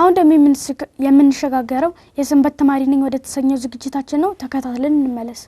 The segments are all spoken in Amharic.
አሁን ደግሞ የምንሸጋገረው የሰንበት ተማሪ ነኝ ወደ ተሰኘው ዝግጅታችን ነው። ተከታትለን እንመለስ።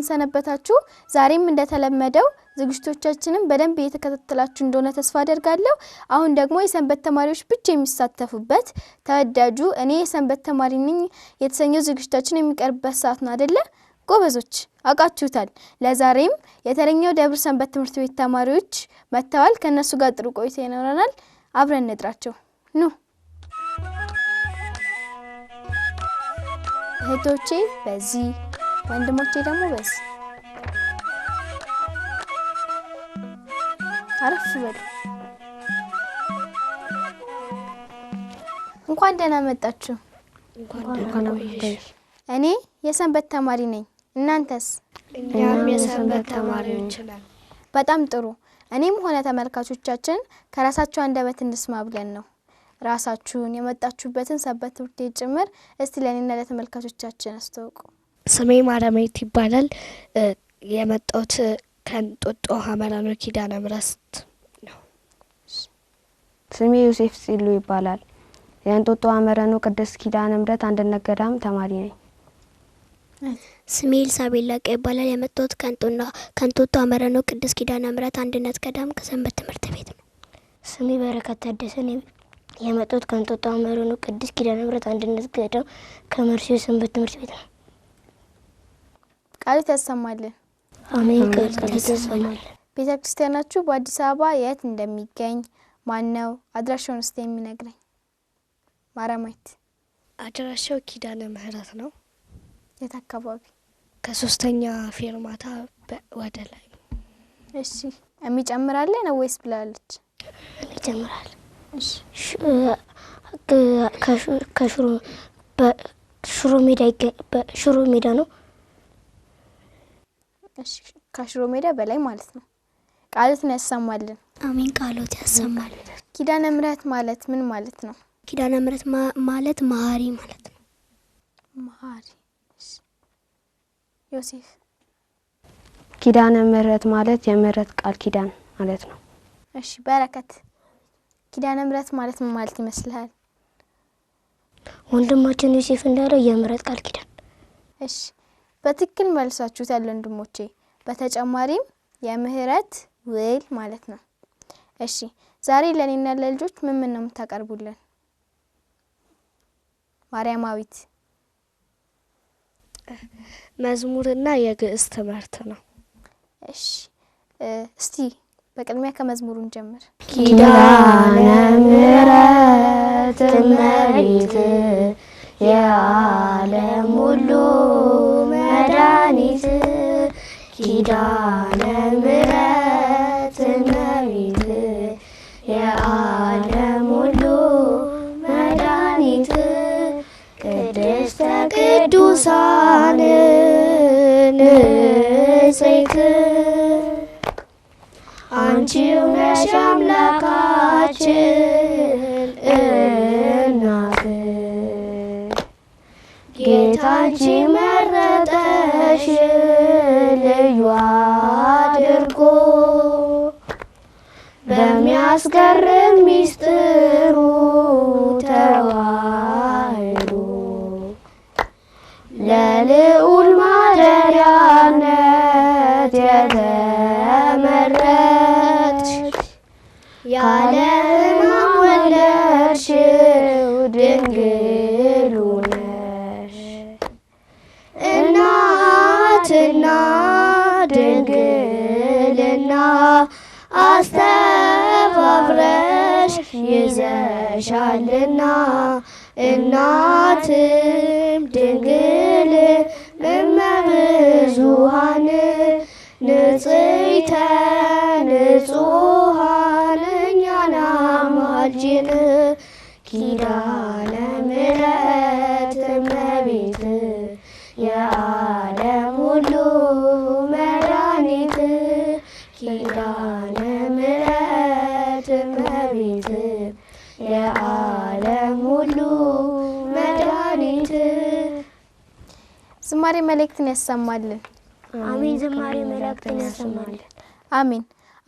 እንደምንሰነበታችሁ ዛሬም እንደተለመደው ዝግጅቶቻችንም በደንብ እየተከታተላችሁ እንደሆነ ተስፋ አደርጋለሁ። አሁን ደግሞ የሰንበት ተማሪዎች ብቻ የሚሳተፉበት ተወዳጁ እኔ የሰንበት ተማሪ ነኝ የተሰኘው ዝግጅታችን የሚቀርብበት ሰዓት ነው አደለ? ጎበዞች አውቃችሁታል። ለዛሬም የተለኛው ደብር ሰንበት ትምህርት ቤት ተማሪዎች መጥተዋል። ከእነሱ ጋር ጥሩ ቆይታ ይኖረናል። አብረን እንጥራቸው ኑ እህቶቼ በዚህ ወንድሞቼ ደግሞ በስ አረፍ በሉ። እንኳን ደህና መጣችሁ። እኔ የሰንበት ተማሪ ነኝ። እናንተስ? እኛም የሰንበት ተማሪዎች ነን። በጣም ጥሩ። እኔም ሆነ ተመልካቾቻችን ከራሳችሁ አንደበት እንስማ ብለን ነው። ራሳችሁን የመጣችሁበትን ሰንበት ትምህርት ጭምር እስቲ ለእኔና ለተመልካቾቻችን አስተዋውቁ። ስሜ ማረመይት ይባላል። የመጣሁት ከእንጦጦ ሀመራ ነው፣ ኪዳነ ምሕረት ነው። ስሜ ዮሴፍ ጽሉ ይባላል። የእንጦጦ ሀመራ ነው፣ ቅድስት ኪዳነ ምሕረት አንድነት ገዳም ተማሪ ነኝ። ስሜ ኤልሳቤል ላቀ ይባላል። የመጣሁት ከእንጦጦ ሀመራ ነው፣ ቅድስት ኪዳነ ምሕረት አንድነት ገዳም ከሰንበት ትምህርት ቤት ነው። ስሜ በረከት ታደሰ ነው። የመጣሁት ከንጦጦ ሀመራ ነው፣ ቅድስት ኪዳነ ምሕረት አንድነት ገዳም ከመርሴ ሰንበት ትምህርት ቤት ነው። ቃልህ ያሰማልን። አሜን። ቤተ ክርስቲያናችሁ በአዲስ አበባ የት እንደሚገኝ ማነው? አድራሻውን እስቲ የሚነግረኝ ማራማይት። አድራሻው ኪዳነ ምህረት ነው። የት አካባቢ? ከሶስተኛ ፌርማታ ወደ ላይ። እሺ የሚጨምራለ ነው ወይስ ብላለች? ይጨምራል። ከሽሮ ሜዳ ነው ከሽሮ ሜዳ በላይ ማለት ነው። ቃሎትን ያሰማልን። አሜን። ቃሎት ያሰማልን። ኪዳነ ምሕረት ማለት ምን ማለት ነው? ኪዳነ ምሕረት ማለት መሀሪ ማለት ነው። መሀሪ ዮሴፍ። ኪዳነ ምሕረት ማለት የምህረት ቃል ኪዳን ማለት ነው። እሺ በረከት፣ ኪዳነ ምሕረት ማለት ምን ማለት ይመስልሃል? ወንድማችን ዮሴፍ እንዳለው የምህረት ቃል ኪዳን። እሺ በትክክል መልሳችሁታል ወንድሞቼ። በተጨማሪም የምህረት ውል ማለት ነው። እሺ ዛሬ ለእኔና ለልጆች ምን ምን ነው የምታቀርቡልን? ማርያማዊት መዝሙርና የግዕዝ ትምህርት ነው። እሺ እስቲ በቅድሚያ ከመዝሙሩን ጀምር? ኪዳነ ምህረት እመቤት የዓለም ሁሉ መድኃኒት ኪዳነ ምሕረት እመቤት የዓለም ሁሉ መድኃኒት ቅድስተ ቅዱሳን ንጽሕት አንቺው ነሽ አምላካችን ጌታ አንቺ መረጠሽ ልዩ አድርጎ በሚያስገርም ሚስጥሩ ተዋህዶ ለልዑል ማደሪያነት የተመረጥሽ ያለ ሕማም ወለድሽው ድንግል እናትና ድንግልና አስተባብረሽ ይዘሻልና እናትም ድንግል እመብዙሃን ንጽሕተ ንጹሕ ዝማሬ መልእክትን ያሰማልን። አሜን። ዝማሬ መልእክትን ያሰማልን። አሜን።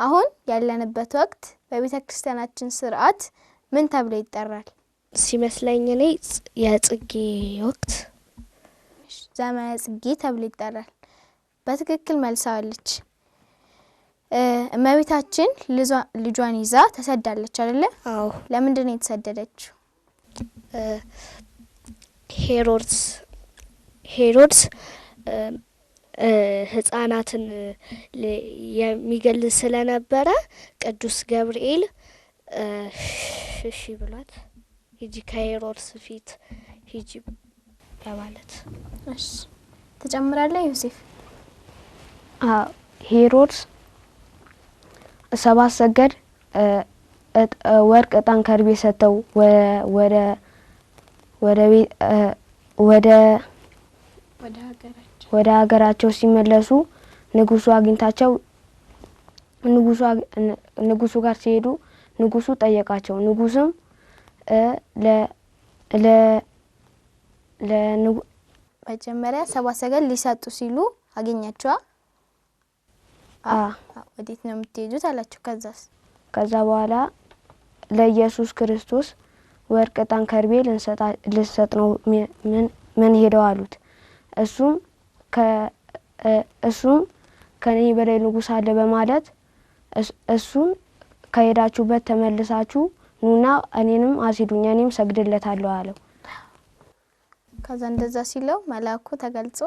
አሁን ያለንበት ወቅት በቤተ ክርስቲያናችን ስርዓት ምን ተብሎ ይጠራል? ሲመስለኝ እኔ የጽጌ ወቅት ዘመነ ጽጌ ተብሎ ይጠራል። በትክክል መልሳዋለች። እመቤታችን ልጇን ይዛ ተሰዳለች አይደለ? አዎ። ለምንድን ነው የተሰደደችው? ሄሮድስ ሄሮድስ ህጻናትን የሚገል ስለነበረ ቅዱስ ገብርኤል እሺ ብሏት ሂጂ ከሄሮድስ ፊት ሂጂ በማለት እሺ። ዮሴፍ? ሄሮድስ ሰባት ሰገድ ወርቅ፣ እጣን፣ ከርቤ ሰጥተው ወደ ወደ ወደ ወደ ሀገራቸው ሲመለሱ ንጉሱ አግኝታቸው ንጉሱ ጋር ሲሄዱ ንጉሱ ጠየቃቸው። ንጉስም መጀመሪያ ሰባ ሰገል ሊሰጡ ሲሉ አገኛቸዋ። ወዴት ነው የምትሄዱት አላቸው። ከዛስ ከዛ በኋላ ለኢየሱስ ክርስቶስ ወርቅ፣ ዕጣን፣ ከርቤ ልንሰጥ ነው ምን ሄደው አሉት እሱም እሱም ከኔ በላይ ንጉስ አለ በማለት እሱን ከሄዳችሁበት ተመልሳችሁ ኑና እኔንም አሲዱኝ እኔም ሰግድለታለሁ አለው። ከዛ እንደዛ ሲለው መልአኩ ተገልጾ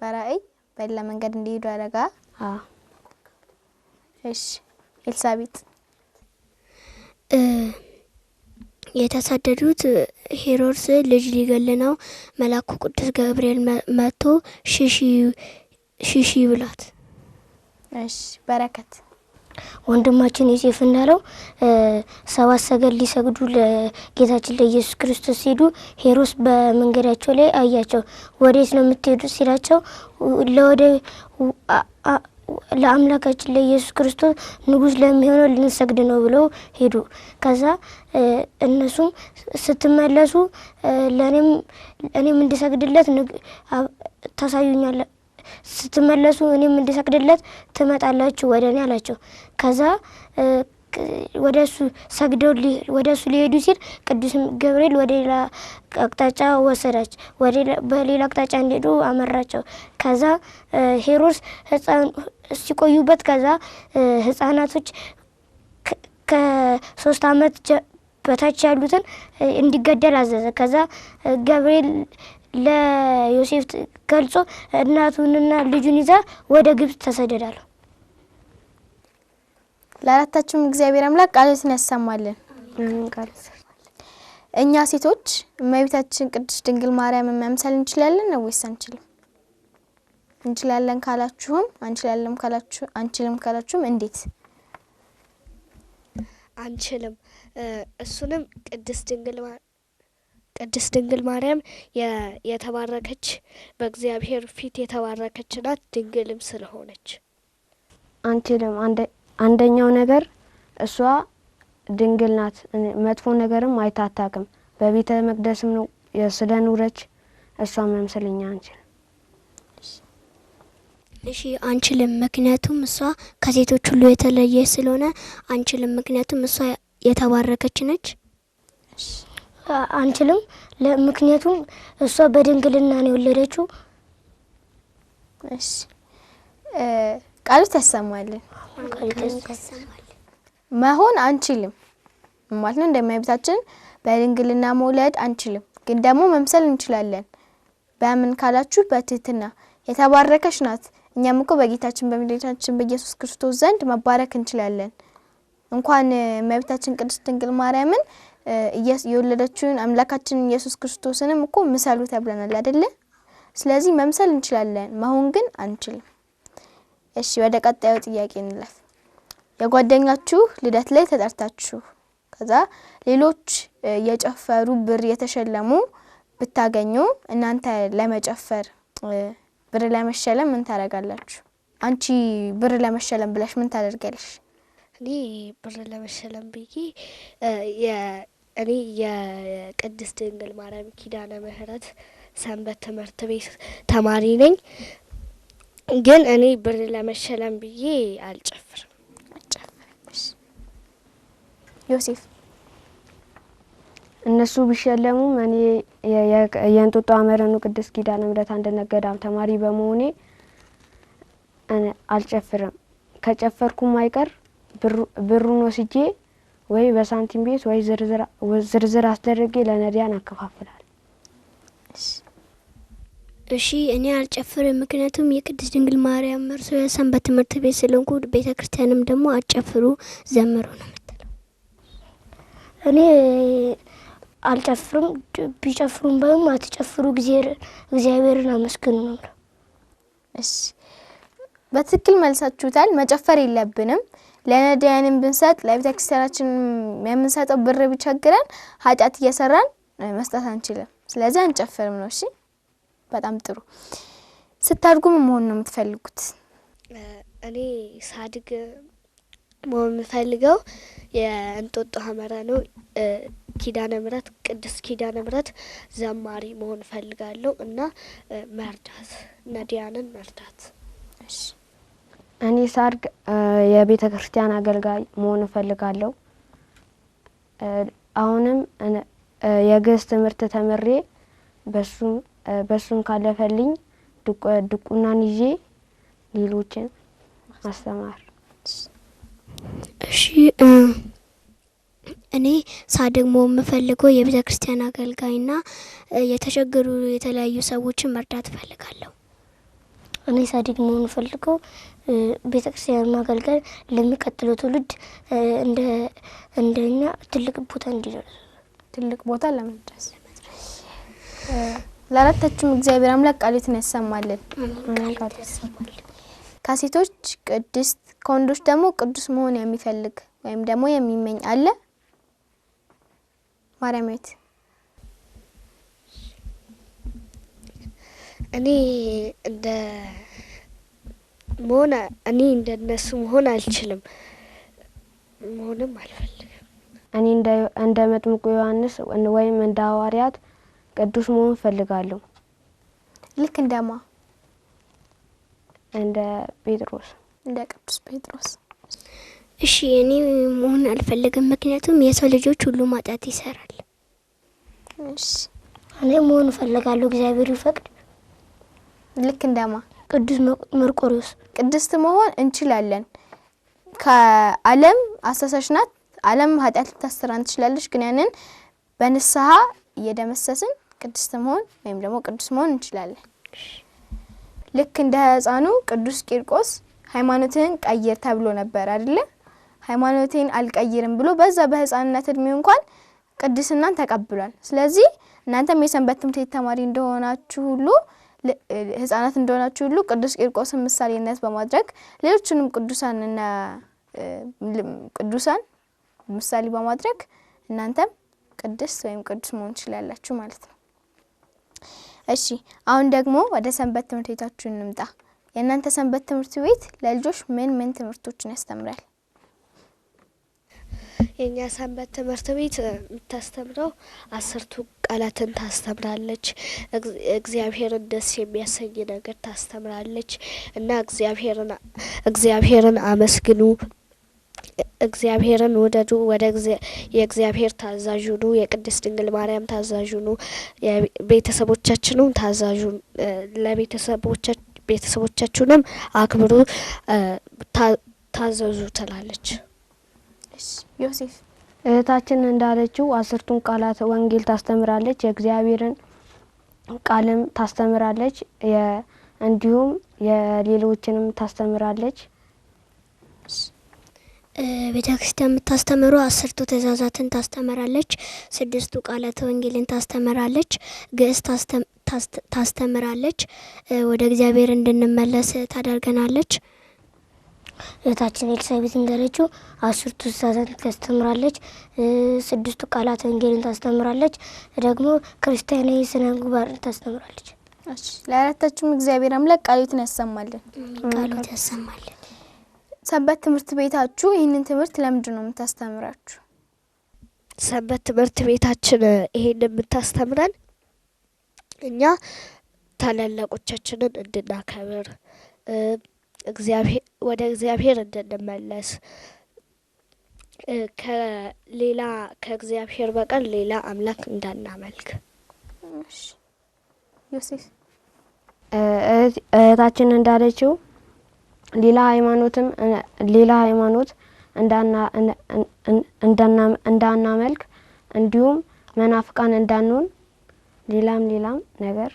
በራእይ በሌላ መንገድ እንዲሄዱ ያደረጋ። እሺ ኤልሳቤጥ የተሰደዱት ሄሮድስ ልጅ ሊገል ነው። መልአኩ ቅዱስ ገብርኤል መጥቶ ሽሺ ብሏት። እሺ በረከት ወንድማችን ዮሴፍ እንዳለው ሰባት ሰገል ሊሰግዱ ለጌታችን ለኢየሱስ ክርስቶስ ሲሄዱ ሄሮስ በመንገዳቸው ላይ አያቸው። ወዴት ነው የምትሄዱት ሲላቸው ለወደ ለአምላካችን ለኢየሱስ ክርስቶስ ንጉሥ ለሚሆነው ልንሰግድ ነው ብለው ሄዱ። ከዛ እነሱም ስትመለሱ ለእኔም እኔም እንድሰግድለት ታሳዩኛለ ስትመለሱ እኔም እንድሰግድለት ትመጣላችሁ ወደ እኔ አላቸው። ከዛ ወደ እሱ ሰግደው ወደ እሱ ሊሄዱ ሲል ቅዱስ ገብርኤል ወደ ሌላ አቅጣጫ ወሰዳች። በሌላ አቅጣጫ እንዲሄዱ አመራቸው። ከዛ ሄሮድስ ሲቆዩበት፣ ከዛ ህጻናቶች ከሶስት ዓመት በታች ያሉትን እንዲገደል አዘዘ። ከዛ ገብርኤል ለዮሴፍ ገልጾ እናቱንና ልጁን ይዛ ወደ ግብፅ ተሰደዳለሁ ለአራታችሁም እግዚአብሔር አምላክ ቃሎትን ያሰማልን። እኛ ሴቶች እመቤታችን ቅድስት ድንግል ማርያምን መምሰል እንችላለን ነው ወይስ አንችልም? እንችላለን ካላችሁም አንችላለም ካላችሁ አንችልም ካላችሁም እንዴት አንችልም? እሱንም ቅድስት ድንግል ቅድስት ድንግል ማርያም የተባረከች በእግዚአብሔር ፊት የተባረከች ናት። ድንግልም ስለሆነች አንችልም። አንደኛው ነገር እሷ ድንግል ናት፣ መጥፎ ነገርም አይታታቅም። በቤተ መቅደስም ነው ስለኖረች ኑረች እሷ እኛ አንችልም። እሺ አንችልም፣ ምክንያቱም እሷ ከሴቶች ሁሉ የተለየ ስለሆነ አንችልም፣ ምክንያቱም እሷ የተባረከች ነች። አንችልም፣ ምክንያቱም እሷ በድንግልና ነው የወለደችው። ቃሉ ተሰማልን። መሆን አንችልም ማለት ነው። እንደመቤታችን በድንግልና መውለድ አንችልም፣ ግን ደግሞ መምሰል እንችላለን። በምን ካላችሁ በትህትና የተባረከች ናት። እኛም እኮ በጌታችን በመድኃኒታችን በኢየሱስ ክርስቶስ ዘንድ መባረክ እንችላለን። እንኳን እመቤታችን ቅድስት ድንግል ማርያምን የወለደችውን አምላካችን ኢየሱስ ክርስቶስንም እኮ ምሰሉ ተብለናል አይደለ? ስለዚህ መምሰል እንችላለን፣ መሆን ግን አንችልም። እሺ ወደ ቀጣዩ ጥያቄ እንለፍ። የጓደኛችሁ ልደት ላይ ተጠርታችሁ ከዛ ሌሎች የጨፈሩ ብር የተሸለሙ ብታገኙ እናንተ ለመጨፈር ብር ለመሸለም ምን ታደርጋላችሁ? አንቺ ብር ለመሸለም ብለሽ ምን ታደርጋለሽ? እኔ ብር ለመሸለም ብዬ እኔ የቅድስት ድንግል ማርያም ኪዳነ ምሕረት ሰንበት ትምህርት ቤት ተማሪ ነኝ። ግን እኔ ብር ለመሸለም ብዬ አልጨፍርም። ዮሴፍ እነሱ ቢሸለሙም እኔ የእንጦጦ አመረኑ ቅድስት ኪዳነ ምሕረት አንድነት ገዳም ተማሪ በመሆኔ አልጨፍርም። ከጨፈርኩም አይቀር ብሩን ወስጄ ወይ በሳንቲም ቤት ወይ ዝርዝር አስደርጌ ለነዳያን እሺ እሺ እኔ አልጨፍርም፣ ምክንያቱም የቅድስት ድንግል ማርያም መርሶ የሰንበት ትምህርት ቤት ስለሆንኩ ቤተ ክርስቲያንም ደግሞ አጨፍሩ ዘምሩ ነው የምትለው። እኔ አልጨፍርም፣ ቢጨፍሩም ባይም አትጨፍሩ እግዚአብሔርን አመስግኑ ነው እሺ በትክክል መልሳችሁታል። መጨፈር የለብንም ለነዳያንም ብንሰጥ ለቤተ ክርስቲያናችን የምንሰጠው ብር ቢቸግረን ኃጢአት እየሰራን መስጠት አንችልም። ስለዚህ አንጨፍርም ነው። እሺ በጣም ጥሩ። ስታድጉ ምን መሆን ነው የምትፈልጉት? እኔ ሳድግ መሆን የምፈልገው የእንጦጦ ሀመራ ነው ኪዳነ ምሕረት ቅድስት ኪዳነ ምሕረት ዘማሪ መሆን እፈልጋለሁ እና መርዳት ነዲያንን መርዳት። እኔ ሳድግ የቤተ ክርስቲያን አገልጋይ መሆን እፈልጋለሁ። አሁንም የግዕዝ ትምህርት ተምሬ በሱም በሱም ካለፈልኝ ድቁናን ይዤ ሌሎችን ማስተማር። እሺ እኔ ሳደግሞ የምፈልገው የቤተ ክርስቲያን አገልጋይና የተቸገሩ የተለያዩ ሰዎችን መርዳት እፈልጋለሁ። እኔ ሳዲግ መሆን ፈልገው ቤተ ክርስቲያን ማገልገል ለሚቀጥለው ትውልድ እንደኛ ትልቅ ቦታ እንዲደርስ ትልቅ ቦታ ለመድረስ ለመድረስ ለአራታችሁም እግዚአብሔር አምላክ ቃሉን ያሰማልን። ከሴቶች ቅድስት ከወንዶች ደግሞ ቅዱስ መሆን የሚፈልግ ወይም ደግሞ የሚመኝ አለ? ማርያምት እኔ እንደ መሆን እኔ እንደነሱ መሆን አልችልም፣ መሆንም አልፈልግም። እኔ እንደ መጥምቁ ዮሐንስ ወይም እንደ ሐዋርያት ቅዱስ መሆን እፈልጋለሁ። ልክ እንደማ እንደ ጴጥሮስ እንደ ቅዱስ ጴጥሮስ። እሺ እኔ መሆን አልፈልግም፣ ምክንያቱም የሰው ልጆች ሁሉ ማጣት ይሰራል። እኔ መሆን እፈልጋለሁ፣ እግዚአብሔር ይፈቅድ። ልክ እንደማ ቅዱስ መርቆሪዎስ። ቅድስት መሆን እንችላለን። ከአለም አሳሳሽ ናት። አለም ኃጢአት ልታስራን ትችላለች፣ ግን ያንን በንስሐ እየደመሰስን ቅድስት መሆን ወይም ደግሞ ቅዱስ መሆን እንችላለን። ልክ እንደ ህፃኑ ቅዱስ ቂርቆስ ሃይማኖትህን ቀይር ተብሎ ነበር አይደለ? ሃይማኖቴን አልቀይርም ብሎ በዛ በህፃንነት እድሜው እንኳን ቅድስናን ተቀብሏል። ስለዚህ እናንተም የሰንበት ትምህርት ቤት ተማሪ እንደሆናችሁ ሁሉ ህጻናት እንደሆናችሁ ሁሉ ቅዱስ ቂርቆስን ምሳሌነት በማድረግ ሌሎችንም ቅዱሳንና ቅዱሳን ምሳሌ በማድረግ እናንተም ቅድስት ወይም ቅዱስ መሆን ትችላላችሁ ማለት ነው። እሺ አሁን ደግሞ ወደ ሰንበት ትምህርት ቤታችሁ እንምጣ። የእናንተ ሰንበት ትምህርት ቤት ለልጆች ምን ምን ትምህርቶችን ያስተምራል? የኛ ሰንበት ትምህርት ቤት የምታስተምረው አስርቱ ቃላትን ታስተምራለች። እግዚአብሔርን ደስ የሚያሰኝ ነገር ታስተምራለች እና እግዚአብሔርን አመስግኑ እግዚአብሔርን ውደዱ፣ ወደ የእግዚአብሔር ታዛዥ ሁኑ፣ የቅድስት ድንግል ማርያም ታዛዥ ሁኑ፣ ቤተሰቦቻችንም ታዛዥ ቤተሰቦቻችሁንም አክብሩ፣ ታዘዙ ትላለች። ዮሴፍ እህታችን እንዳለችው አስርቱን ቃላት ወንጌል ታስተምራለች፣ የእግዚአብሔርን ቃልም ታስተምራለች፣ እንዲሁም የሌሎችንም ታስተምራለች። ቤተ ክርስቲያን የምታስተምሩ አስርቱ ትእዛዛትን ታስተምራለች፣ ስድስቱ ቃላተ ወንጌልን ታስተምራለች፣ ግዕዝ ታስተምራለች፣ ወደ እግዚአብሔር እንድንመለስ ታደርገናለች። እህታችን ኤልሳቤት እንገለችው አስርቱ ትእዛዛትን ታስተምራለች፣ ስድስቱ ቃላት ወንጌልን ታስተምራለች፣ ደግሞ ክርስቲያናዊ ስነ ምግባርን ታስተምራለች። ለአራታችሁም እግዚአብሔር አምላክ ቃሉትን ያሰማልን፣ ቃሉት ያሰማልን። ሰንበት ትምህርት ቤታችሁ ይህንን ትምህርት ለምንድን ነው የምታስተምራችሁ? ሰንበት ትምህርት ቤታችን ይሄንን የምታስተምረን እኛ ታላላቆቻችንን እንድናከብር ወደ እግዚአብሔር እንድንመለስ ከሌላ ከእግዚአብሔር በቀር ሌላ አምላክ እንዳናመልክ። ዮሴፍ እህታችን እንዳለችው ሌላ ሃይማኖትም ሌላ ሃይማኖት እንዳና እንዳናመልክ እንዲሁም መናፍቃን እንዳንሆን ሌላም ሌላም ነገር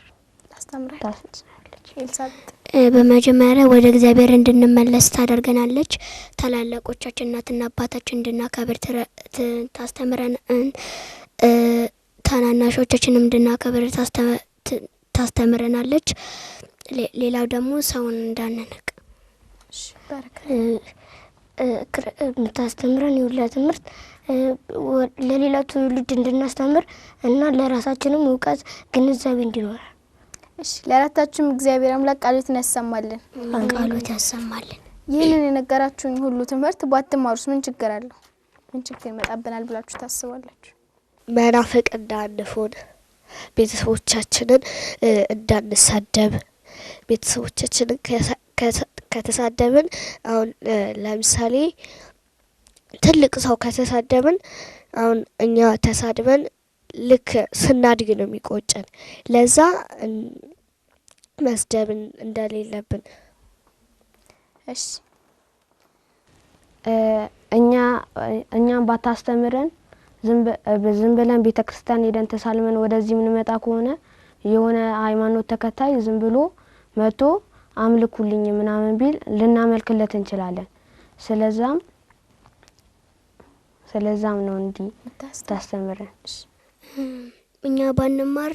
ታስተምራለች። በመጀመሪያ ወደ እግዚአብሔር እንድንመለስ ታደርገናለች። ታላላቆቻችን እናትና አባታችን እንድናከብር ታስተምረን፣ ታናናሾቻችንም እንድናከብር ታስተምረናለች። ሌላው ደግሞ ሰውን እንዳንንቅ የምታስተምረን የሁላ ትምህርት ለሌላ ትውልድ እንድናስተምር እና ለራሳችንም እውቀት ግንዛቤ እንዲኖረ። እሺ፣ እግዚአብሔር አምላክ ቃሎትን ያሰማልን፣ ቃሎት ያሰማልን። ይህንን የነገራችሁኝ ሁሉ ትምህርት ባትማሩስ ምን ችግር አለው? ምን ችግር ይመጣብናል ብላችሁ ታስባላችሁ? መናፍቅ እንዳንሆን፣ ቤተሰቦቻችንን እንዳንሳደብ፣ ቤተሰቦቻችንን ከተሳደብን አሁን ለምሳሌ ትልቅ ሰው ከተሳደብን አሁን እኛ ተሳድበን ልክ ስናድግ ነው የሚቆጨን። ለዛ መስደብን እንደሌለብን እሺ እኛ እኛም ባታስተምረን ዝም ብለን ቤተ ክርስቲያን ሄደን ተሳልመን ወደዚህ የምንመጣ ከሆነ የሆነ ሃይማኖት ተከታይ ዝም ብሎ መቶ አምልኩልኝ ምናምን ቢል ልናመልክለት እንችላለን። ስለዛም ስለዛም ነው እንዲህ ታስተምረን። እኛ ባንማር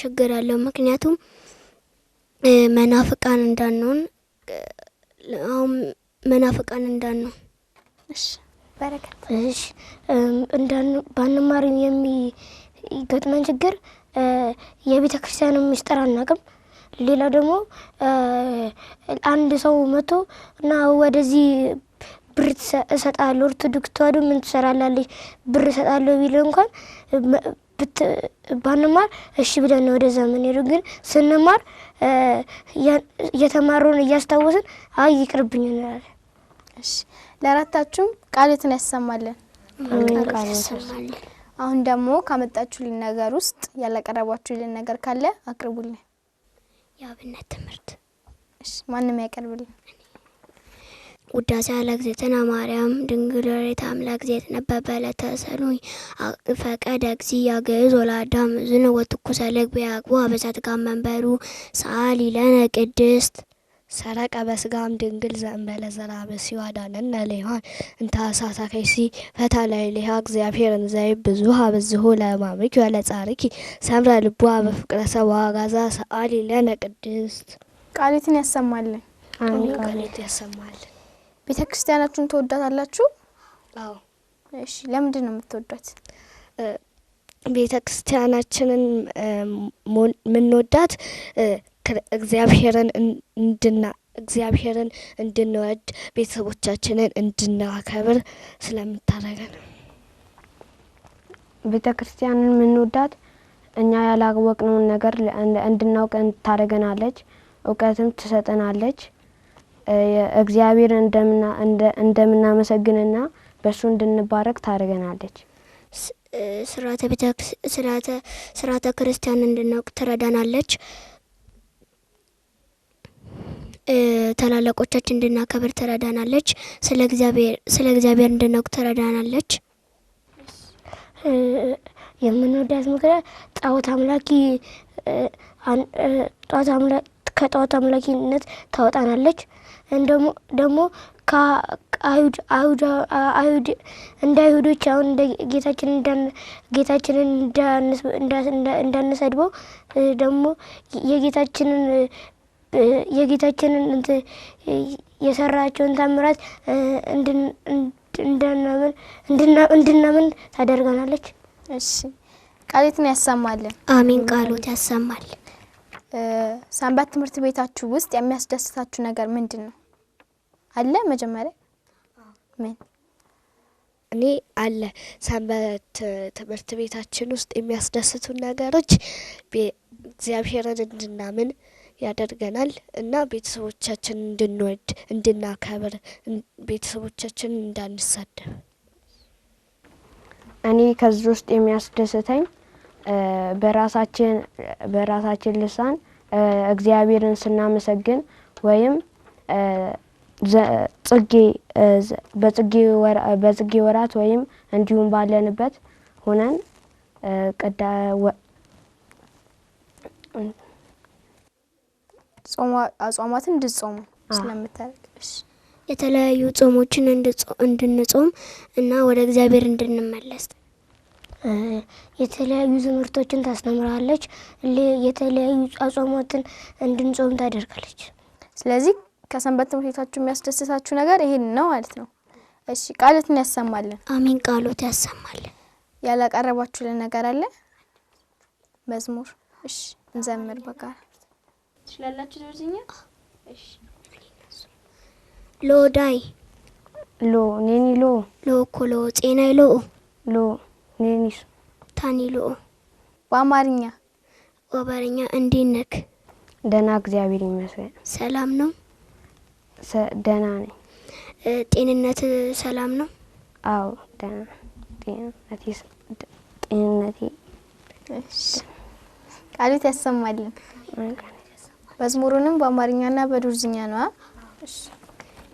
ችግር አለው። ምክንያቱም መናፍቃን እንዳንሆን አሁን መናፍቃን እንዳንሆን ባንማር የሚገጥመን ችግር የቤተ ክርስቲያኑ ምስጢር አናቅም። ሌላ ደግሞ አንድ ሰው መቶ እና ወደዚህ ብር እሰጣለሁ ኦርቶዶክስ ተዋሕዶ ምን ትሰራላለች ብር እሰጣለሁ ቢል እንኳን ባንማር እሺ ብለን ነው ወደዛ የምንሄደው። ግን ስንማር እየተማረውን እያስታወስን አይ ይቅርብኝ እንላለን። ለአራታችሁም ቃልትን ያሰማለን። አሁን ደግሞ ካመጣችሁልን ነገር ውስጥ ያላቀረባችሁልን ነገር ካለ አቅርቡልን። የአብነት ትምህርት ማንም ያቀርብልን። ውዳሴ ለእግዝእትነ ማርያም ድንግል ወሬት አምላክ ዜት ነበበለ ተሰሉኝ ፈቀደ እግዚ ያገዝ ወላዳም ዝን ወትኩሰ ልግ ቢያቅቦ አበሳት ጋር መንበሩ ሰአሊ ለነ ቅድስት ሰረቀ በስጋም ድንግል ዘእንበለ ዘላበሲ ዋዳነነ ሌዋን እንተ አሳታከሲ ፈታላይ ሌሃ እግዚአብሔር እንዘይ ብዙ ሀብዝሁ ለማምኪ ወለጻርኪ ሰምረ ልቧ በፍቅረ ሰብ ዋጋዛ ሰአሊ ለነ ቅድስት ቃሊትን ያሰማልን። ቃሊት ያሰማልን። ቤተ ክርስቲያናችሁን ትወዳታላችሁ? አዎ። እሺ፣ ለምንድን ነው የምትወዷት? ቤተ ክርስቲያናችንን ምንወዳት እግዚአብሔርን እንድና እግዚአብሔርን እንድንወድ ቤተሰቦቻችንን እንድናከብር ስለምታደርገን ቤተ ክርስቲያንን የምንወዳት እኛ ያላወቅነውን ነገር እንድናውቅ ታደርገናለች፣ እውቀትም ትሰጠናለች። እግዚአብሔር እንደምናመሰግንና በእሱ እንድንባረክ ታደርገናለች። ስርዓተ ክርስቲያን እንድናውቅ ትረዳናለች። ታላላቆቻችን እንድናከብር ትረዳናለች። ስለ እግዚአብሔር እንድናውቅ ትረዳናለች። የምንወዳት ምክንያት ጣዖት አምላኪ ከጣዖት አምላኪነት ታወጣናለች። ደግሞ አይሁድ እንደ አይሁዶች አሁን እንደ ጌታችንን እንዳንሰድበው ደግሞ የጌታችንን የጌታችንን የሰራቸውን ታምራት እንድናምን ታደርገናለች። እሺ ቃሉትን ያሰማልን። አሜን። ቃሉት ያሰማል። ሰንበት ትምህርት ቤታችሁ ውስጥ የሚያስደስታችሁ ነገር ምንድን ነው? አለ መጀመሪያ ምን እኔ አለ ሰንበት ትምህርት ቤታችን ውስጥ የሚያስደስቱን ነገሮች እግዚአብሔርን እንድናምን ያደርገናል እና ቤተሰቦቻችን እንድንወድ እንድናከብር፣ ቤተሰቦቻችን እንዳንሳደብ። እኔ ከዚህ ውስጥ የሚያስደስተኝ በራሳችን በራሳችን ልሳን እግዚአብሔርን ስናመሰግን ወይም በጽጌ ወራት ወይም እንዲሁም ባለንበት ሆነን አጽዋማትን እንድጾሙ ስለምታደርግ የተለያዩ ጾሞችን እንድንጾም እና ወደ እግዚአብሔር እንድንመለስ የተለያዩ ትምህርቶችን ታስተምራለች። የተለያዩ አጽዋማትን እንድንጾም ታደርጋለች። ስለዚህ ከሰንበት ትምህርት ቤታችሁ የሚያስደስታችሁ ነገር ይሄን ነው ማለት ነው። እሺ ቃሎትን ያሰማልን። አሜን። ቃሎት ያሰማልን። ያላቀረባችሁልን ነገር አለ መዝሙር እሺ እንዘምር በጋራ ትችላላችሁ ትግርኛ? እሺ። ሎዳይ ሎ ኔኒ ሎ ሎ ኮሎ ሎ ሎ ኔኒስ ታኒ ሎ በአማርኛ በአማርኛ እንዴት ነክ? ደህና እግዚአብሔር ይመስገን። ሰላም ነው? ደህና ነኝ። ጤንነት ሰላም ነው? አዎ ደህና ጤንነቴ ቃሉት ያሰማልን። መዝሙሩንም በአማርኛና በዱርዝኛ ነዋ።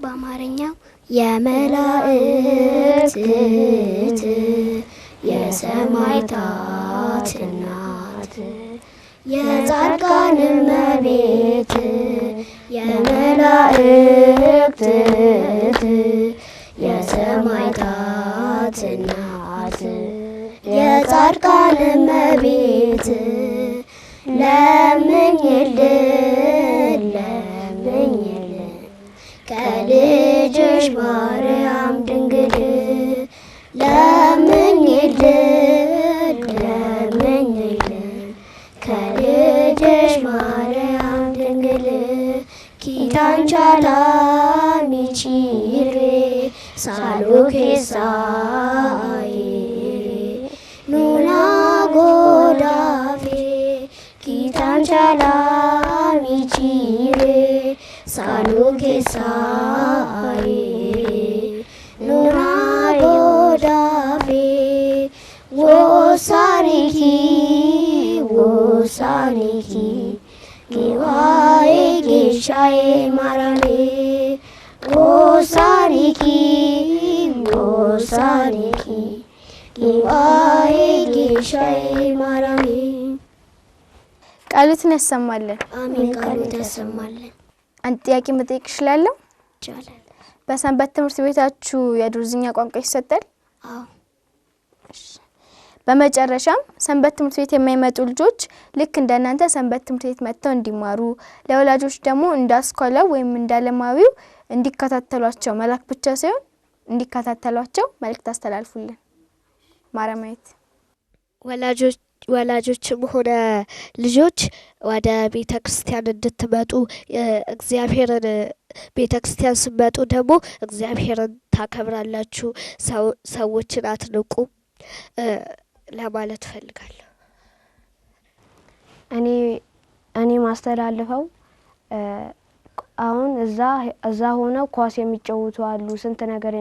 በአማርኛው የመላእክት የሰማዕታት እናት የጻድቃን እመቤት የመላእክት የሰማዕታት እናት የጻድቃን እመቤት ለምኝልን ማርያም ድንግል ለምኝልን ለምኝልን ከልጅሽ ማርያም ድንግል ኪዳን ቻላሚቺሬ ሳሉኬሳ ኑና ጎዳፌ ኪዳን ቻላሚቺሬ ሳሉኬሳ እሻዬ ማራሜ ጎሳኒኪ ጎሳኒኪ ሊባዬ ጌሻዬ ቃሉትን ያሰማለን። አሜን። ቃሉት ያሰማለን። አንድ ጥያቄ መጠየቅ እችላለሁ? ይቻላል። በሰንበት ትምህርት ቤታችሁ የዱርዝኛ ቋንቋ ይሰጣል? አዎ። በመጨረሻም ሰንበት ትምህርት ቤት የማይመጡ ልጆች ልክ እንደናንተ ሰንበት ትምህርት ቤት መጥተው እንዲማሩ ለወላጆች ደግሞ እንዳስኮላው ወይም እንዳለማዊው እንዲከታተሏቸው መላክ ብቻ ሳይሆን እንዲከታተሏቸው መልእክት አስተላልፉልን። ማረማየት ወላጆች ወላጆችም ሆነ ልጆች ወደ ቤተ ክርስቲያን እንድትመጡ እግዚአብሔርን ቤተ ክርስቲያን ስመጡ ደግሞ እግዚአብሔርን ታከብራላችሁ። ሰዎችን አትንቁም። ለማለት እፈልጋለሁ። እኔ እኔ ማስተላልፈው አሁን እዛ እዛ ሆነው ኳስ የሚጫወቱ አሉ፣ ስንት ነገር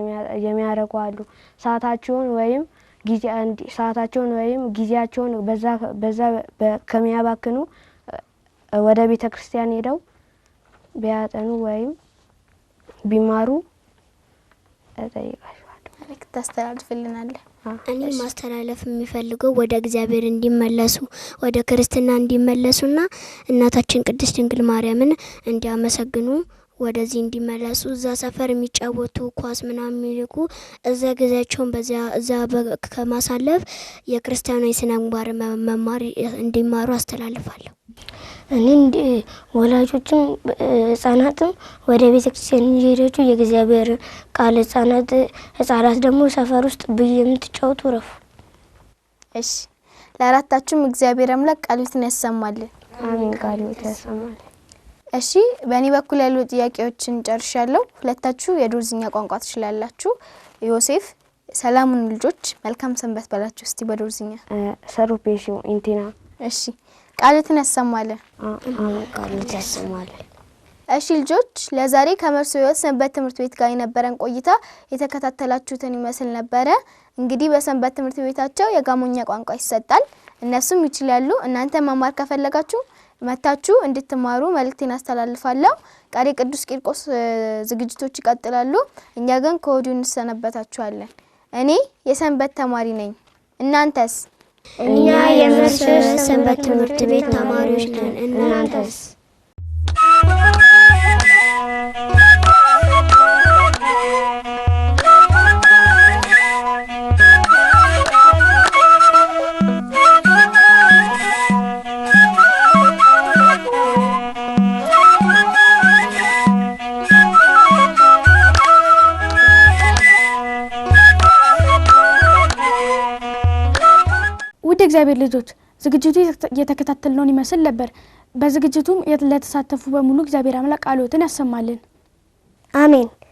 የሚያደርጉ አሉ። ሰዓታቸውን ወይም ሰዓታቸውን ወይም ጊዜያቸውን በዛ ከሚያባክኑ ወደ ቤተ ክርስቲያን ሄደው ቢያጠኑ ወይም ቢማሩ እጠይቃቸዋለሁ። ታስተላልፍልናለህ? እኔ ማስተላለፍ የሚፈልገው ወደ እግዚአብሔር እንዲመለሱ ወደ ክርስትና እንዲመለሱና እናታችን ቅድስት ድንግል ማርያምን እንዲያመሰግኑ ወደዚህ እንዲመለሱ እዛ ሰፈር የሚጫወቱ ኳስ ምናምን የሚልቁ እዛ ጊዜያቸውን በዚያ እዛ ከማሳለፍ የክርስቲያኖች ስነ ምግባር መማር እንዲማሩ አስተላልፋለሁ። እኔ ወላጆችም ህጻናትም ወደ ቤተ ክርስቲያን እየሄዳችሁ የእግዚአብሔር ቃል ህጻናት ህጻናት ደግሞ ሰፈር ውስጥ ብዬ የምትጫወቱ ረፉ። እሺ፣ ለአራታችሁም እግዚአብሔር አምላክ ቃሉትን ያሰማልን። አሜን። ቃሉት ያሰማልን። እሺ፣ በእኔ በኩል ያሉ ጥያቄዎችን ጨርሻለሁ። ሁለታችሁ የዶርዝኛ ቋንቋ ትችላላችሁ። ዮሴፍ ሰላሙን ልጆች መልካም ሰንበት በላችሁ እስቲ በዶርዝኛ ሰሩፔሽው ኢንቴና። እሺ ቃልትን ያሰማለን። ቃልት ያሰማለን። እሺ ልጆች ለዛሬ ከመርሶ ህይወት ሰንበት ትምህርት ቤት ጋር የነበረን ቆይታ የተከታተላችሁትን ይመስል ነበረ። እንግዲህ በሰንበት ትምህርት ቤታቸው የጋሞኛ ቋንቋ ይሰጣል፣ እነሱም ይችላሉ። እናንተ መማር ከፈለጋችሁ መታችሁ እንድትማሩ መልእክቴን አስተላልፋለሁ። ቀሪ ቅዱስ ቂርቆስ ዝግጅቶች ይቀጥላሉ። እኛ ግን ከወዲሁ እንሰነበታችኋለን። እኔ የሰንበት ተማሪ ነኝ። እናንተስ? እኛ የመርሰ ሰንበት ትምህርት ቤት ተማሪዎች ነን። እናንተስ? የእግዚአብሔር ልጆች ዝግጅቱ የተከታተልነውን ይመስል ነበር። በዝግጅቱም ለተሳተፉ በሙሉ እግዚአብሔር አምላክ ቃሎትን ያሰማልን፣ አሜን።